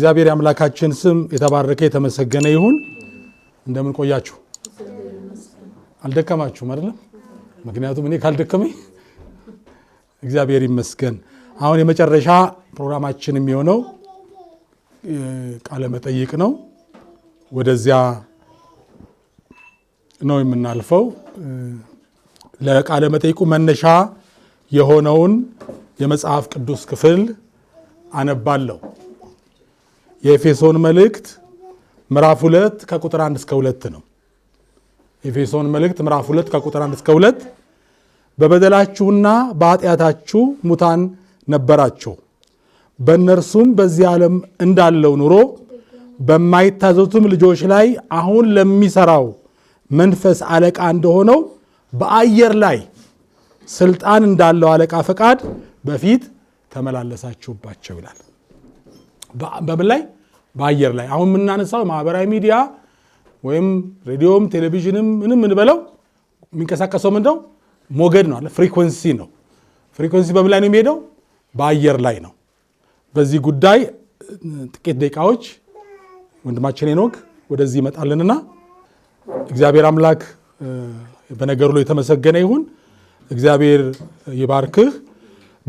እግዚአብሔር አምላካችን ስም የተባረከ የተመሰገነ ይሁን። እንደምን ቆያችሁ? አልደከማችሁ አይደለም? ምክንያቱም እኔ ካልደከመኝ እግዚአብሔር ይመስገን። አሁን የመጨረሻ ፕሮግራማችን የሚሆነው ቃለ መጠይቅ ነው። ወደዚያ ነው የምናልፈው። ለቃለ መጠይቁ መነሻ የሆነውን የመጽሐፍ ቅዱስ ክፍል አነባለሁ። የኤፌሶን መልእክት ምዕራፍ 2 ከቁጥር 1 እስከ 2 ነው። ኤፌሶን መልእክት ምዕራፍ 2 ከቁጥር 1 እስከ 2 በበደላችሁና በኃጢአታችሁ ሙታን ነበራችሁ፣ በእነርሱም በዚህ ዓለም እንዳለው ኑሮ በማይታዘዙትም ልጆች ላይ አሁን ለሚሰራው መንፈስ አለቃ እንደሆነው በአየር ላይ ስልጣን እንዳለው አለቃ ፈቃድ በፊት ተመላለሳችሁባቸው ይላል። በምን ላይ በአየር ላይ አሁን የምናነሳው ማህበራዊ ሚዲያ ወይም ሬዲዮም ቴሌቪዥንም ምንም ምንበለው የሚንቀሳቀሰው ምንደው ሞገድ ነው አለ ፍሪኮንሲ ነው ፍሪኮንሲ በምን ላይ ነው የሚሄደው በአየር ላይ ነው በዚህ ጉዳይ ጥቂት ደቂቃዎች ወንድማችን ኖክ ወደዚህ ይመጣልንና እግዚአብሔር አምላክ በነገሩ ላይ የተመሰገነ ይሁን እግዚአብሔር ይባርክህ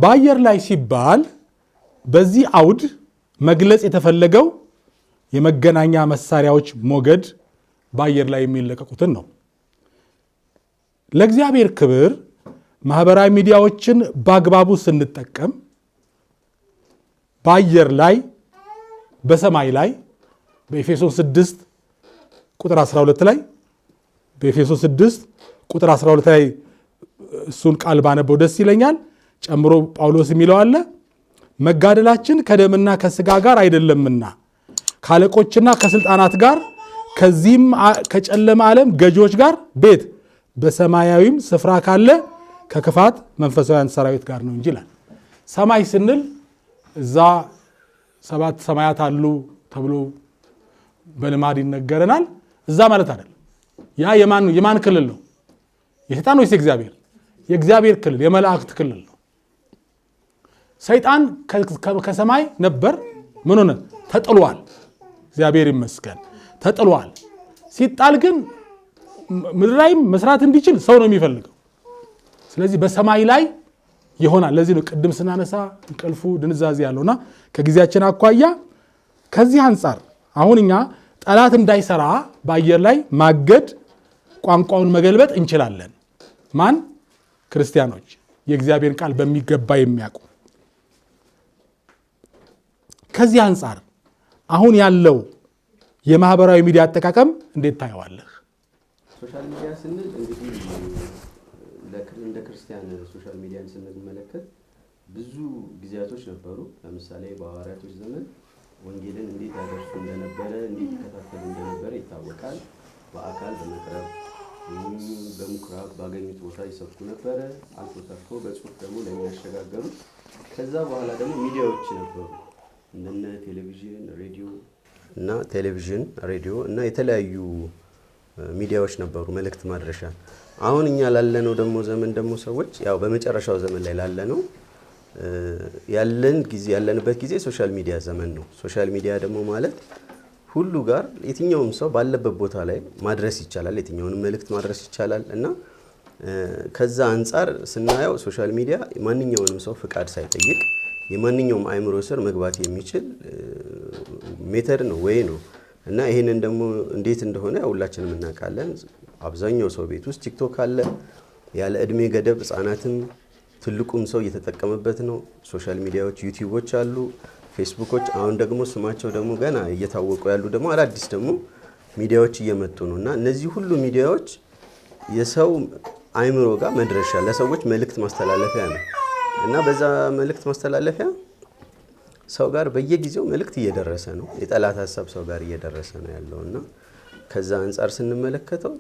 በአየር ላይ ሲባል በዚህ አውድ መግለጽ የተፈለገው የመገናኛ መሳሪያዎች ሞገድ በአየር ላይ የሚለቀቁትን ነው። ለእግዚአብሔር ክብር ማህበራዊ ሚዲያዎችን በአግባቡ ስንጠቀም በአየር ላይ በሰማይ ላይ በኤፌሶን 6 ቁጥር 12 ላይ በኤፌሶን 6 ቁጥር 12 ላይ እሱን ቃል ባነበው ደስ ይለኛል። ጨምሮ ጳውሎስ የሚለው አለ መጋደላችን ከደምና ከስጋ ጋር አይደለምና ካለቆችና ከስልጣናት ጋር ከዚህም ከጨለማ ዓለም ገዢዎች ጋር ቤት በሰማያዊም ስፍራ ካለ ከክፋት መንፈሳውያን ሰራዊት ጋር ነው እንጂ ይላል። ሰማይ ስንል እዛ ሰባት ሰማያት አሉ ተብሎ በልማድ ይነገረናል። እዛ ማለት አይደለም። ያ የማን ክልል ነው? የሰይጣን ወይስ የእግዚአብሔር? የእግዚአብሔር ክልል፣ የመላእክት ክልል ነው። ሰይጣን ከሰማይ ነበር። ምን ሆነ? ተጥሏል። እግዚአብሔር ይመስገን ተጥሏል። ሲጣል ግን ምድር ላይም መስራት እንዲችል ሰው ነው የሚፈልገው። ስለዚህ በሰማይ ላይ ይሆናል። ለዚህ ነው ቅድም ስናነሳ እንቅልፉ ድንዛዜ ያለውና ከጊዜያችን አኳያ ከዚህ አንጻር አሁን እኛ ጠላት እንዳይሰራ በአየር ላይ ማገድ ቋንቋውን መገልበጥ እንችላለን። ማን? ክርስቲያኖች የእግዚአብሔርን ቃል በሚገባ የሚያውቁ ከዚህ አንጻር አሁን ያለው የማህበራዊ ሚዲያ አጠቃቀም እንዴት ታየዋለህ? ሶሻል ሚዲያ ስንል እንግዲህ እንደ ክርስቲያን ሶሻል ሚዲያን ስንመለከት ብዙ ጊዜያቶች ነበሩ። ለምሳሌ በሐዋርያቶች ዘመን ወንጌልን እንዴት ያደርሱ እንደነበረ እንዴት ይከታተሉ እንደነበረ ይታወቃል። በአካል በመቅረብ በምኩራብ ባገኙት ቦታ ይሰብኩ ነበረ። አልፎ ተርፎ በጽሁፍ ደግሞ ለሚያሸጋገሩት። ከዛ በኋላ ደግሞ ሚዲያዎች ነበሩ። እንደነ ቴሌቪዥን ሬዲዮ እና ቴሌቪዥን ሬዲዮ እና የተለያዩ ሚዲያዎች ነበሩ መልእክት ማድረሻ። አሁን እኛ ላለነው ደግሞ ዘመን ደግሞ ሰዎች ያው በመጨረሻው ዘመን ላይ ላለነው ያለን ጊዜ ያለንበት ጊዜ ሶሻል ሚዲያ ዘመን ነው። ሶሻል ሚዲያ ደግሞ ማለት ሁሉ ጋር የትኛውም ሰው ባለበት ቦታ ላይ ማድረስ ይቻላል፣ የትኛውንም መልእክት ማድረስ ይቻላል እና ከዛ አንጻር ስናየው ሶሻል ሚዲያ ማንኛውንም ሰው ፍቃድ ሳይጠይቅ የማንኛውም አእምሮ ስር መግባት የሚችል ሜተድ ነው ወይ ነው እና ይህንን ደግሞ እንዴት እንደሆነ ሁላችንም እናውቃለን። አብዛኛው ሰው ቤት ውስጥ ቲክቶክ አለ። ያለ እድሜ ገደብ ህጻናትም ትልቁም ሰው እየተጠቀመበት ነው። ሶሻል ሚዲያዎች ዩቲዩቦች አሉ፣ ፌስቡኮች አሁን ደግሞ ስማቸው ደግሞ ገና እየታወቁ ያሉ ደግሞ አዳዲስ ደግሞ ሚዲያዎች እየመጡ ነው እና እነዚህ ሁሉ ሚዲያዎች የሰው አእምሮ ጋር መድረሻ ለሰዎች መልእክት ማስተላለፊያ ነው። እና በዛ መልእክት ማስተላለፊያ ሰው ጋር በየጊዜው መልእክት እየደረሰ ነው። የጠላት ሀሳብ ሰው ጋር እየደረሰ ነው ያለው እና ከዛ አንጻር ስንመለከተው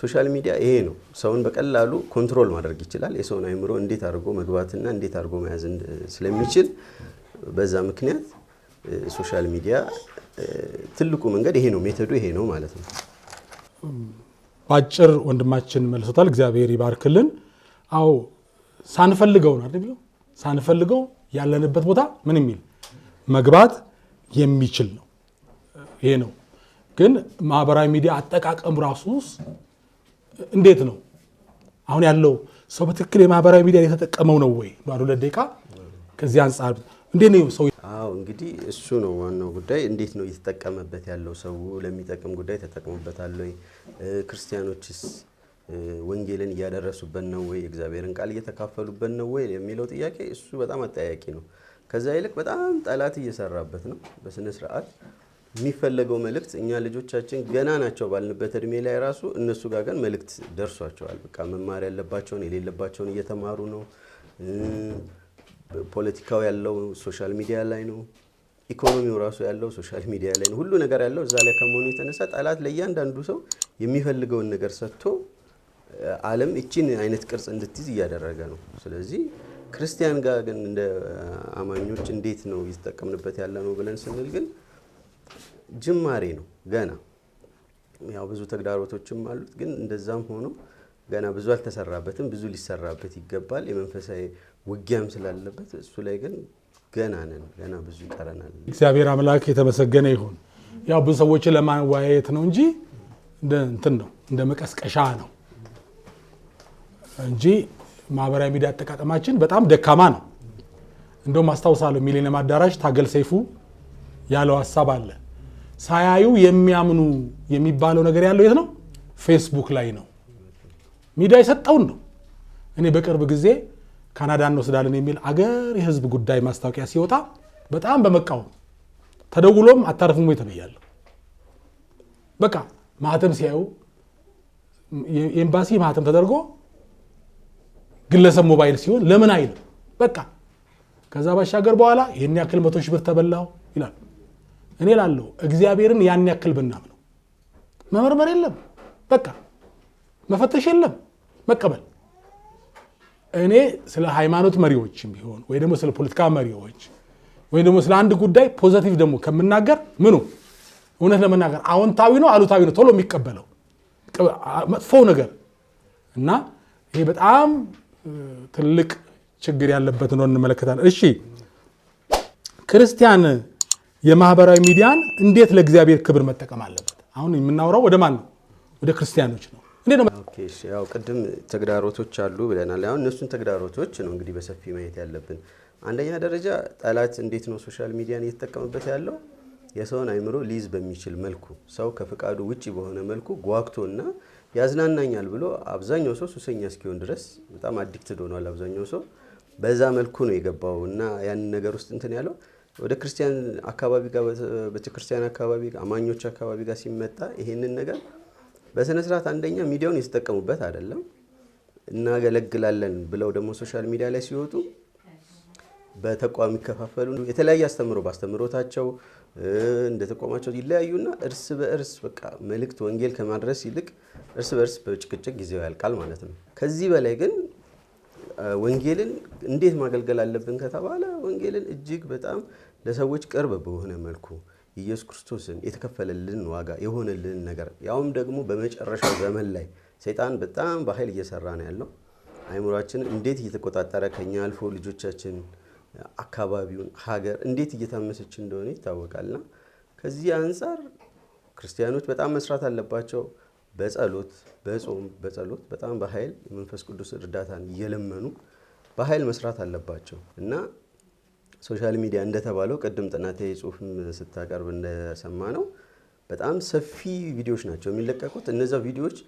ሶሻል ሚዲያ ይሄ ነው። ሰውን በቀላሉ ኮንትሮል ማድረግ ይችላል። የሰውን አይምሮ እንዴት አድርጎ መግባትና እንዴት አድርጎ መያዝ ስለሚችል በዛ ምክንያት ሶሻል ሚዲያ ትልቁ መንገድ ይሄ ነው፣ ሜተዱ ይሄ ነው ማለት ነው። በአጭር ወንድማችን መልሶታል። እግዚአብሔር ይባርክልን። አዎ ሳንፈልገው ነው አይደል ሳንፈልገው ያለንበት ቦታ ምን የሚል መግባት የሚችል ነው። ይሄ ነው። ግን ማህበራዊ ሚዲያ አጠቃቀሙ ራሱስ እንዴት ነው? አሁን ያለው ሰው በትክክል የማህበራዊ ሚዲያ የተጠቀመው ነው ወይ? ባሉ ደቂቃ ከዚህ አንጻር እንዴት ነው ሰው? አዎ እንግዲህ እሱ ነው ዋናው ጉዳይ። እንዴት ነው እየተጠቀመበት ያለው ሰው? ለሚጠቅም ጉዳይ ተጠቅሞበታል ወይ? ክርስቲያኖችስ ወንጌልን እያደረሱበት ነው ወይ፣ እግዚአብሔርን ቃል እየተካፈሉበት ነው ወይ የሚለው ጥያቄ እሱ በጣም አጠያቂ ነው። ከዛ ይልቅ በጣም ጠላት እየሰራበት ነው። በስነ ስርዓት የሚፈለገው መልእክት እኛ ልጆቻችን ገና ናቸው ባልንበት እድሜ ላይ ራሱ እነሱ ጋር ግን መልእክት ደርሷቸዋል። በቃ መማር ያለባቸውን የሌለባቸውን እየተማሩ ነው። ፖለቲካው ያለው ሶሻል ሚዲያ ላይ ነው። ኢኮኖሚው ራሱ ያለው ሶሻል ሚዲያ ላይ ነው። ሁሉ ነገር ያለው እዛ ላይ ከመሆኑ የተነሳ ጠላት ለእያንዳንዱ ሰው የሚፈልገውን ነገር ሰጥቶ ዓለም እቺን አይነት ቅርጽ እንድትይዝ እያደረገ ነው። ስለዚህ ክርስቲያን ጋር ግን እንደ አማኞች እንዴት ነው እየተጠቀምንበት ያለ ነው ብለን ስንል ግን ጅማሬ ነው ገና ያው ብዙ ተግዳሮቶችም አሉት። ግን እንደዛም ሆኖ ገና ብዙ አልተሰራበትም። ብዙ ሊሰራበት ይገባል። የመንፈሳዊ ውጊያም ስላለበት እሱ ላይ ግን ገና ነን፣ ገና ብዙ ይቀረናል። እግዚአብሔር አምላክ የተመሰገነ ይሁን። ያው ብዙ ሰዎችን ለማወያየት ነው እንጂ እንትን ነው እንደ መቀስቀሻ ነው እንጂ ማህበራዊ ሚዲያ አጠቃቀማችን በጣም ደካማ ነው። እንደውም አስታውሳለሁ ሚሊኒየም አዳራሽ ታገል ሰይፉ ያለው ሀሳብ አለ። ሳያዩ የሚያምኑ የሚባለው ነገር ያለው የት ነው? ፌስቡክ ላይ ነው። ሚዲያ የሰጠውን ነው። እኔ በቅርብ ጊዜ ካናዳ እንወስዳለን የሚል አገር የህዝብ ጉዳይ ማስታወቂያ ሲወጣ በጣም በመቃወም ተደውሎም አታርፍም ወይ ተብያለሁ። በቃ ማህተም ሲያዩ የኤምባሲ ማህተም ተደርጎ ግለሰብ ሞባይል ሲሆን ለምን አይል በቃ ከዛ ባሻገር በኋላ ይህን ያክል መቶ ሺህ ብር ተበላው ይላል። እኔ ላለው እግዚአብሔርን ያን ያክል ብናምነው መመርመር የለም በቃ መፈተሽ የለም መቀበል። እኔ ስለ ሃይማኖት መሪዎችም ቢሆን ወይ ደግሞ ስለ ፖለቲካ መሪዎች ወይ ደግሞ ስለ አንድ ጉዳይ ፖዘቲቭ ደግሞ ከምናገር ምኑ እውነት ለመናገር አዎንታዊ ነው አሉታዊ ነው ቶሎ የሚቀበለው መጥፎው ነገር እና ይሄ በጣም ትልቅ ችግር ያለበት ነው እንመለከታለን። እሺ ክርስቲያን የማህበራዊ ሚዲያን እንዴት ለእግዚአብሔር ክብር መጠቀም አለበት? አሁን የምናወራው ወደ ማን ነው? ወደ ክርስቲያኖች ነው። ያው ቅድም ተግዳሮቶች አሉ ብለናል። አሁን እነሱን ተግዳሮቶች ነው እንግዲህ በሰፊ ማየት ያለብን። አንደኛ ደረጃ ጠላት እንዴት ነው ሶሻል ሚዲያን እየተጠቀምበት ያለው? የሰውን አይምሮ ሊይዝ በሚችል መልኩ ሰው ከፍቃዱ ውጭ በሆነ መልኩ ጓግቶና ያዝናናኛል ብሎ አብዛኛው ሰው ሱሰኛ እስኪሆን ድረስ በጣም አዲክትድ ሆኗል። አብዛኛው ሰው በዛ መልኩ ነው የገባው እና ያንን ነገር ውስጥ እንትን ያለው ወደ ክርስቲያን አካባቢ ጋር ቤተክርስቲያን አካባቢ አማኞች አካባቢ ጋር ሲመጣ ይሄንን ነገር በስነ ስርዓት አንደኛ ሚዲያውን የተጠቀሙበት አይደለም እናገለግላለን ብለው ደግሞ ሶሻል ሚዲያ ላይ ሲወጡ በተቋም ይከፋፈሉ። የተለያየ አስተምሮ በአስተምሮታቸው እንደ ተቋማቸው ይለያዩና እርስ በእርስ በቃ መልእክት ወንጌል ከማድረስ ይልቅ እርስ በእርስ በጭቅጭቅ ጊዜው ያልቃል ማለት ነው። ከዚህ በላይ ግን ወንጌልን እንዴት ማገልገል አለብን ከተባለ ወንጌልን እጅግ በጣም ለሰዎች ቅርብ በሆነ መልኩ ኢየሱስ ክርስቶስን የተከፈለልን ዋጋ የሆነልን ነገር ያውም ደግሞ በመጨረሻው ዘመን ላይ ሰይጣን በጣም በኃይል እየሰራ ነው ያለው። አይምሯችን እንዴት እየተቆጣጠረ ከኛ አልፎ ልጆቻችን አካባቢውን፣ ሀገር እንዴት እየታመሰች እንደሆነ ይታወቃልና ከዚህ አንጻር ክርስቲያኖች በጣም መስራት አለባቸው። በጸሎት በጾም በጸሎት በጣም በኃይል የመንፈስ ቅዱስ እርዳታን እየለመኑ በኃይል መስራት አለባቸው እና ሶሻል ሚዲያ እንደተባለው ቅድም ጥናታዊ ጽሁፍም ስታቀርብ እንደሰማ ነው በጣም ሰፊ ቪዲዮዎች ናቸው የሚለቀቁት። እነዚያ ቪዲዮዎች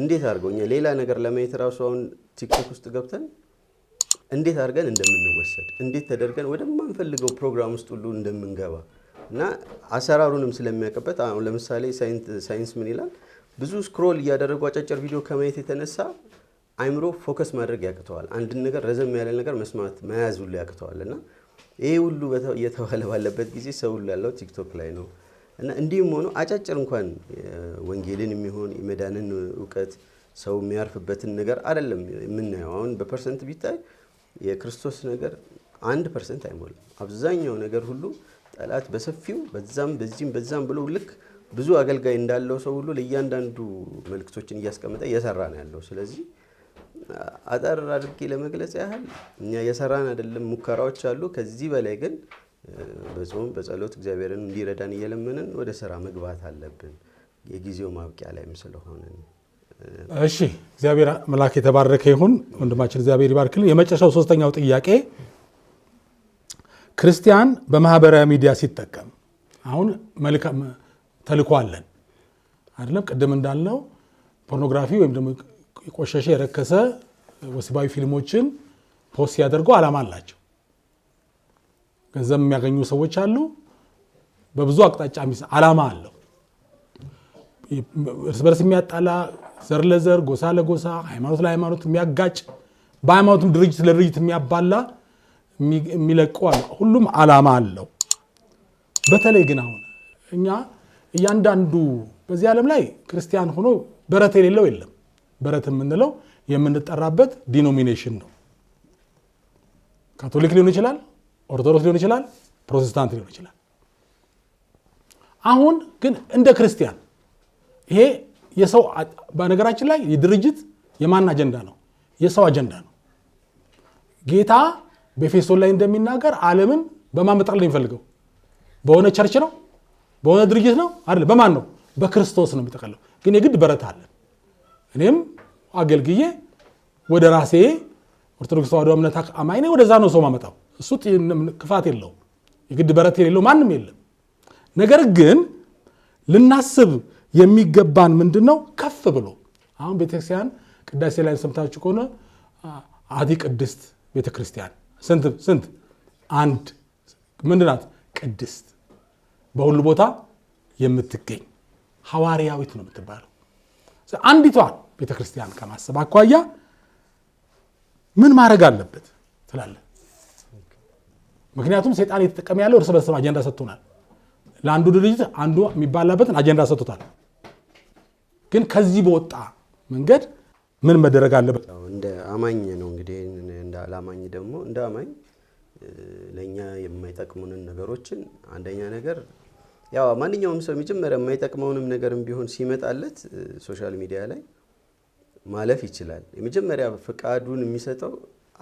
እንዴት አድርገው እኛ ሌላ ነገር ለማየት ራሱ አሁን ቲክቶክ ውስጥ ገብተን እንዴት አድርገን እንደምንወሰድ እንዴት ተደርገን ወደማንፈልገው ፕሮግራም ውስጥ ሁሉ እንደምንገባ እና አሰራሩንም ስለሚያውቅበት አሁን ለምሳሌ ሳይንስ ምን ይላል? ብዙ ስክሮል እያደረጉ አጫጭር ቪዲዮ ከማየት የተነሳ አይምሮ ፎከስ ማድረግ ያቅተዋል። አንድን ነገር ረዘም ያለ ነገር መስማት መያዝ ሁሉ ያቅተዋል እና ይሄ ሁሉ እየተባለ ባለበት ጊዜ ሰው ሁሉ ያለው ቲክቶክ ላይ ነው እና እንዲህም ሆኖ አጫጭር እንኳን ወንጌልን የሚሆን የመዳንን እውቀት ሰው የሚያርፍበትን ነገር አይደለም የምናየው። አሁን በፐርሰንት ቢታይ የክርስቶስ ነገር አንድ ፐርሰንት አይሞላም። አብዛኛው ነገር ሁሉ ጠላት በሰፊው በዛም በዚህም በዛም ብሎ ልክ ብዙ አገልጋይ እንዳለው ሰው ሁሉ ለእያንዳንዱ መልክቶችን እያስቀመጠ እየሰራ ነው ያለው። ስለዚህ አጠር አድርጌ ለመግለጽ ያህል እኛ የሰራን አይደለም፣ ሙከራዎች አሉ። ከዚህ በላይ ግን በጾም በጸሎት እግዚአብሔርን እንዲረዳን እየለመንን ወደ ስራ መግባት አለብን። የጊዜው ማብቂያ ላይም ስለሆነ እሺ እግዚአብሔር መልአክ የተባረከ ይሁን። ወንድማችን እግዚአብሔር ይባርክልን። የመጨረሻው ሶስተኛው ጥያቄ ክርስቲያን በማህበራዊ ሚዲያ ሲጠቀም አሁን መልካም አለን አይደለም? ቅድም እንዳልነው ፖርኖግራፊ ወይም ደግሞ የቆሸሸ የረከሰ ወሲባዊ ፊልሞችን ፖስት ሲያደርጉ አላማ አላቸው። ገንዘብ የሚያገኙ ሰዎች አሉ። በብዙ አቅጣጫ አላማ አለው። እርስ በርስ የሚያጣላ ዘር ለዘር ጎሳ ለጎሳ ሃይማኖት ለሃይማኖት የሚያጋጭ በሃይማኖትም ድርጅት ለድርጅት የሚያባላ የሚለቁ ሁሉም ዓላማ አለው። በተለይ ግን አሁን እኛ እያንዳንዱ በዚህ ዓለም ላይ ክርስቲያን ሆኖ በረት የሌለው የለም። በረት የምንለው የምንጠራበት ዲኖሚኔሽን ነው። ካቶሊክ ሊሆን ይችላል፣ ኦርቶዶክስ ሊሆን ይችላል፣ ፕሮቴስታንት ሊሆን ይችላል። አሁን ግን እንደ ክርስቲያን ይሄ የሰው በነገራችን ላይ የድርጅት የማን አጀንዳ ነው? የሰው አጀንዳ ነው። ጌታ በኤፌሶን ላይ እንደሚናገር ዓለምን በማመጣል ነው የሚፈልገው? በሆነ ቸርች ነው? በሆነ ድርጅት ነው? አይደለም። በማን ነው? በክርስቶስ ነው የሚጠቀለው። ግን የግድ በረት አለ። እኔም አገልግዬ ወደ ራሴ ኦርቶዶክስ ተዋሕዶ እምነት አማኝ ነኝ፣ ወደዛ ነው ሰው ማመጣው። እሱ ክፋት የለውም። የግድ በረት የሌለው ማንም የለም። ነገር ግን ልናስብ የሚገባን ምንድን ነው? ከፍ ብሎ አሁን ቤተክርስቲያን ቅዳሴ ላይ ሰምታችሁ ከሆነ አዲ ቅድስት ቤተክርስቲያን ስንት ስንት አንድ ምንድናት? ቅድስት በሁሉ ቦታ የምትገኝ ሐዋርያዊት ነው የምትባለው። አንዲቷን ቤተክርስቲያን ከማሰብ አኳያ ምን ማድረግ አለበት ትላለ ምክንያቱም ሴጣን እየተጠቀመ ያለው እርስ በርስ አጀንዳ ሰጥቶናል። ለአንዱ ድርጅት አንዱ የሚባላበትን አጀንዳ ሰጥቶታል። ግን ከዚህ በወጣ መንገድ ምን መደረግ አለበት? እንደ አማኝ ነው እንግዲህ እንደ አላማኝ ደግሞ እንደ አማኝ ለእኛ የማይጠቅሙንን ነገሮችን አንደኛ ነገር ያው ማንኛውም ሰው መጀመሪያ የማይጠቅመውንም ነገርም ቢሆን ሲመጣለት ሶሻል ሚዲያ ላይ ማለፍ ይችላል። የመጀመሪያ ፍቃዱን የሚሰጠው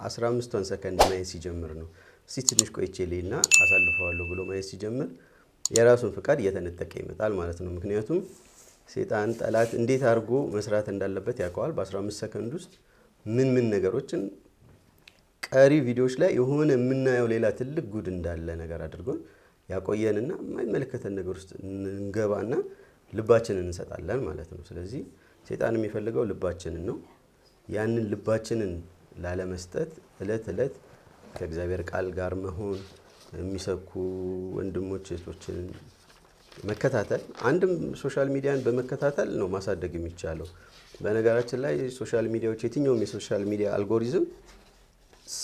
15ቷን ሰከንድ ማየት ሲጀምር ነው። እስቲ ትንሽ ቆይቼ ሌና አሳልፈዋለሁ ብሎ ማየት ሲጀምር የራሱን ፍቃድ እየተነጠቀ ይመጣል ማለት ነው ምክንያቱም ሴጣን ጠላት እንዴት አድርጎ መስራት እንዳለበት ያውቀዋል። በ15 ሰከንድ ውስጥ ምን ምን ነገሮችን ቀሪ ቪዲዮዎች ላይ የሆነ የምናየው ሌላ ትልቅ ጉድ እንዳለ ነገር አድርጎን ያቆየንና የማይመለከተን ነገር ውስጥ እንገባና ልባችንን እንሰጣለን ማለት ነው። ስለዚህ ሴጣን የሚፈልገው ልባችንን ነው። ያንን ልባችንን ላለመስጠት እለት እለት ከእግዚአብሔር ቃል ጋር መሆን የሚሰብኩ ወንድሞች እህቶችን መከታተል አንድም ሶሻል ሚዲያን በመከታተል ነው ማሳደግ የሚቻለው። በነገራችን ላይ ሶሻል ሚዲያዎች የትኛውም የሶሻል ሚዲያ አልጎሪዝም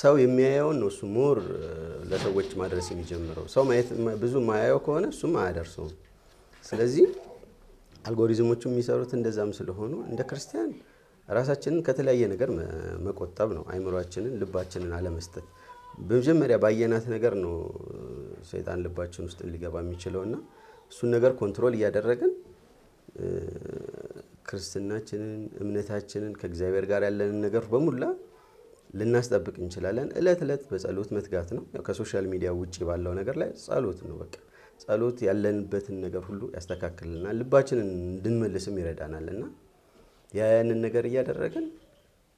ሰው የሚያየውን ነው እሱ ሞር ለሰዎች ማድረስ የሚጀምረው። ሰው ብዙ ማያየው ከሆነ እሱም አያደርሰውም። ስለዚህ አልጎሪዝሞቹ የሚሰሩት እንደዛም ስለሆኑ እንደ ክርስቲያን ራሳችንን ከተለያየ ነገር መቆጠብ ነው። አይምሯችንን፣ ልባችንን አለመስጠት በመጀመሪያ ባየናት ነገር ነው ሰይጣን ልባችን ውስጥ ሊገባ የሚችለውና እሱን ነገር ኮንትሮል እያደረግን ክርስትናችንን፣ እምነታችንን ከእግዚአብሔር ጋር ያለንን ነገር በሙላ ልናስጠብቅ እንችላለን። እለት እለት በጸሎት መትጋት ነው። ከሶሻል ሚዲያ ውጭ ባለው ነገር ላይ ጸሎት ነው በቃ ጸሎት ያለንበትን ነገር ሁሉ ያስተካክልናል፣ ልባችንን እንድንመልስም ይረዳናል። እና ያንን ነገር እያደረግን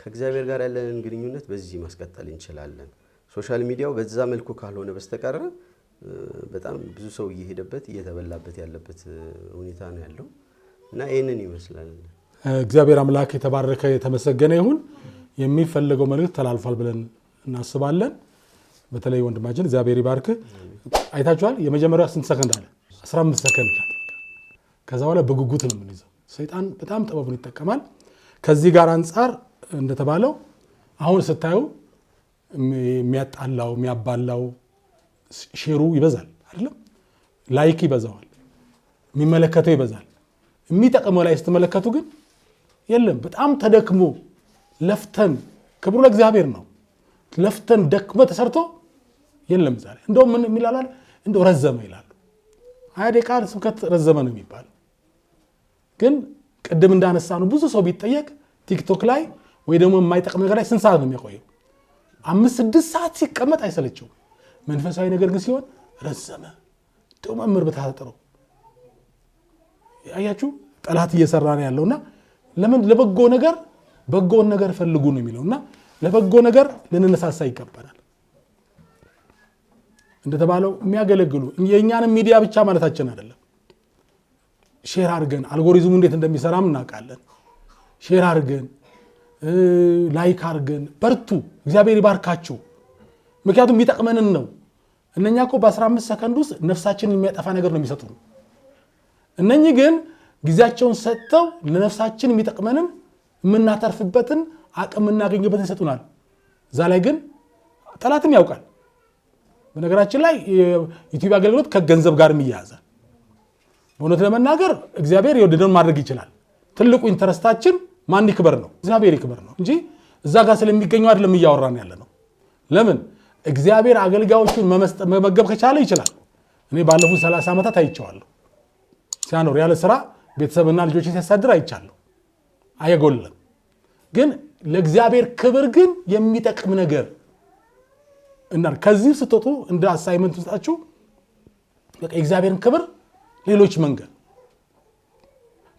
ከእግዚአብሔር ጋር ያለንን ግንኙነት በዚህ ማስቀጠል እንችላለን። ሶሻል ሚዲያው በዛ መልኩ ካልሆነ በስተቀረ በጣም ብዙ ሰው እየሄደበት እየተበላበት ያለበት ሁኔታ ነው ያለው እና ይህንን ይመስላል። እግዚአብሔር አምላክ የተባረከ የተመሰገነ ይሁን። የሚፈለገው መልእክት ተላልፏል ብለን እናስባለን። በተለይ ወንድማችን እግዚአብሔር ይባርክ። አይታችኋል። የመጀመሪያ ስንት ሰከንድ አለ? 15 ሰከንድ። ከዛ በኋላ በጉጉት ነው የምንይዘው። ሰይጣን በጣም ጥበቡን ይጠቀማል። ከዚህ ጋር አንጻር እንደተባለው አሁን ስታዩ የሚያጣላው የሚያባላው ሼሩ ይበዛል አይደለም፣ ላይክ ይበዛዋል፣ የሚመለከተው ይበዛል። የሚጠቅመው ላይ ስትመለከቱ ግን የለም። በጣም ተደክሞ ለፍተን ክብሩ ለእግዚአብሔር ነው። ለፍተን ደክመ ተሰርቶ የለም ዛ እንደው ምን የሚላላል እንደው ረዘመ ይላሉ። ሀያ ደቂቃ ስብከት ረዘመ ነው የሚባለው። ግን ቅድም እንዳነሳ ነው ብዙ ሰው ቢጠየቅ ቲክቶክ ላይ ወይ ደግሞ የማይጠቅም ነገር ላይ ስንት ሰዓት ነው የሚያቆየው? አምስት ስድስት ሰዓት ሲቀመጥ አይሰለቸውም። መንፈሳዊ ነገር ግን ሲሆን ረዘመ። ደው መምህር ብታጠረው አያችሁ፣ ጠላት እየሰራ ነው ያለው እና ለምን ለበጎ ነገር በጎውን ነገር ፈልጉ ነው የሚለው እና ለበጎ ነገር ልንነሳሳ ይቀበላል። እንደተባለው የሚያገለግሉ የእኛንም ሚዲያ ብቻ ማለታችን አይደለም። ሼር አድርገን አልጎሪዝሙ እንዴት እንደሚሰራም እናውቃለን። ሼር አርገን ላይክ አርገን በርቱ፣ እግዚአብሔር ይባርካችሁ። ምክንያቱም የሚጠቅመንን ነው። እነኛ እኮ በ15 ሰከንድ ውስጥ ነፍሳችንን የሚያጠፋ ነገር ነው የሚሰጡ። እነኚህ ግን ጊዜያቸውን ሰጥተው ለነፍሳችን የሚጠቅመንን የምናተርፍበትን አቅም የምናገኝበትን ይሰጡናል። እዛ ላይ ግን ጠላትም ያውቃል። በነገራችን ላይ የኢትዮጵያ አገልግሎት ከገንዘብ ጋርም ይያያዛል። በእውነት ለመናገር እግዚአብሔር የወደደውን ማድረግ ይችላል። ትልቁ ኢንተረስታችን ማን ይክበር ነው፣ እግዚአብሔር ይክበር ነው እንጂ እዛ ጋር ስለሚገኘው አይደለም እያወራን ያለ ነው። ለምን እግዚአብሔር አገልጋዮቹን መመገብ ከቻለ ይችላል። እኔ ባለፉት 30 ዓመታት አይቸዋለሁ ሲያኖር ያለ ስራ ቤተሰብና ልጆችን ሲያሳድር አይቻለሁ። አየጎለም ግን ለእግዚአብሔር ክብር ግን የሚጠቅም ነገር እና ከዚህ ስትወጡ እንደ አሳይመንት ውስጣችሁ የእግዚአብሔርን ክብር ሌሎች መንገድ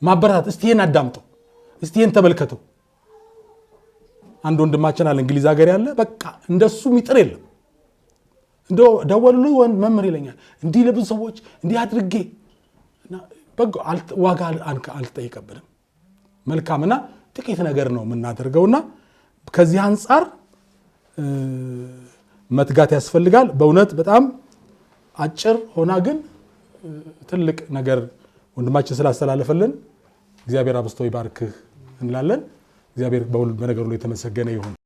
ማበረታት። እስቲ ይህን አዳምጠው፣ እስቲ ይህን ተመልከተው። አንድ ወንድማችን አለ እንግሊዝ ሀገር ያለ በቃ እንደሱ ሚጥር የለም። ደወሉልኝ መምህር ይለኛል። እንዲህ ለብዙ ሰዎች እንዲህ አድርጌ ዋጋ አልተጠየቀብንም። መልካምና ጥቂት ነገር ነው የምናደርገውና ከዚህ አንጻር መትጋት ያስፈልጋል። በእውነት በጣም አጭር ሆና ግን ትልቅ ነገር ወንድማችን ስላስተላለፈልን እግዚአብሔር አብስቶ ይባርክህ እንላለን። እግዚአብሔር በሁሉ በነገሩ ላይ የተመሰገነ ይሁን።